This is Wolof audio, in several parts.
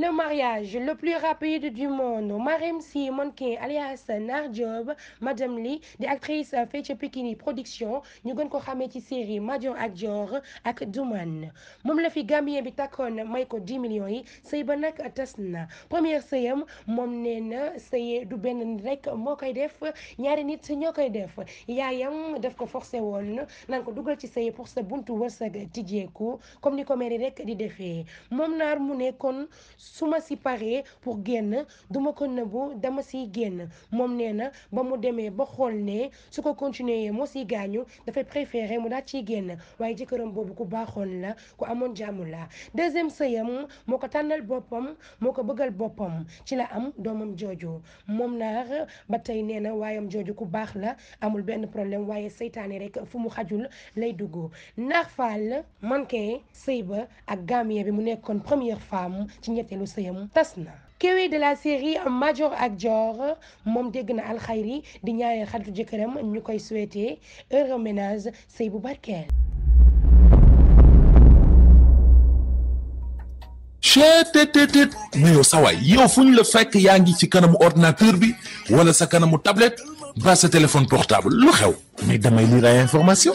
Le mariage le plus rapide du monde Marème Sy Monkin alias Nar Diop Madame Ly di actrice fii ci Pikini production ñu gën ko xamee ci série Madior ak Dior ak Duman moom la fi Gambien bi takkoon may ko 10 millions yi sëy ba nag tas na première sëyam moom nee na sëy du benn nit rek moo koy def ñaari nit ñoo koy def yaayam def ko forcé woon naan ko dugal ci sëy pour sa buntu wërsëg tijjeeku comme ni ko mairie rek di defee moom naar mu nekkoon. su ma si paree pour génn duma ko nëbbu dama si génn moom nee na ba mu demee ba xool ne su ko continuer moo siy gaañu dafay préférer mu daal ci génn waaye jëkkëram boobu ku baaxoon la ku amoon jàmm la deuxième sëyam moo ko tànnal boppam moo ko bëggal boppam ci la am doomam jooju moom naar ba tey nee na waayam jooju ku baax la amul benn problème waaye seytaane rek fu mu xajul lay dugg naar faal manqué sëy ba ak gaamiyee bi mu nekkoon première femme ci ñetteel ñaareelu sëyam tas na kéwé de la série Madior ak Dior moom dégg na alxayri di ñaareel xaritu jëkkëram ñu koy souhaité heureux ménage sëy bu barkeel chetttt mais yow sawaay yow fu ñu la fekk yaa ngi ci kanamu ordinateur bi wala sa kanamu tablette ba sa téléphone portable lu xew mais damay lire information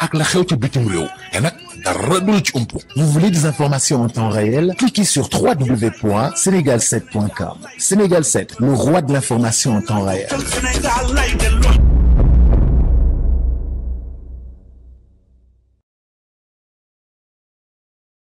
ak la xew ci bitim réew te nag dara du Vous voulez des informations en temps réel? Cliquez sur www.senegal7.com. Sénégal 7, le roi de l'information en temps réel.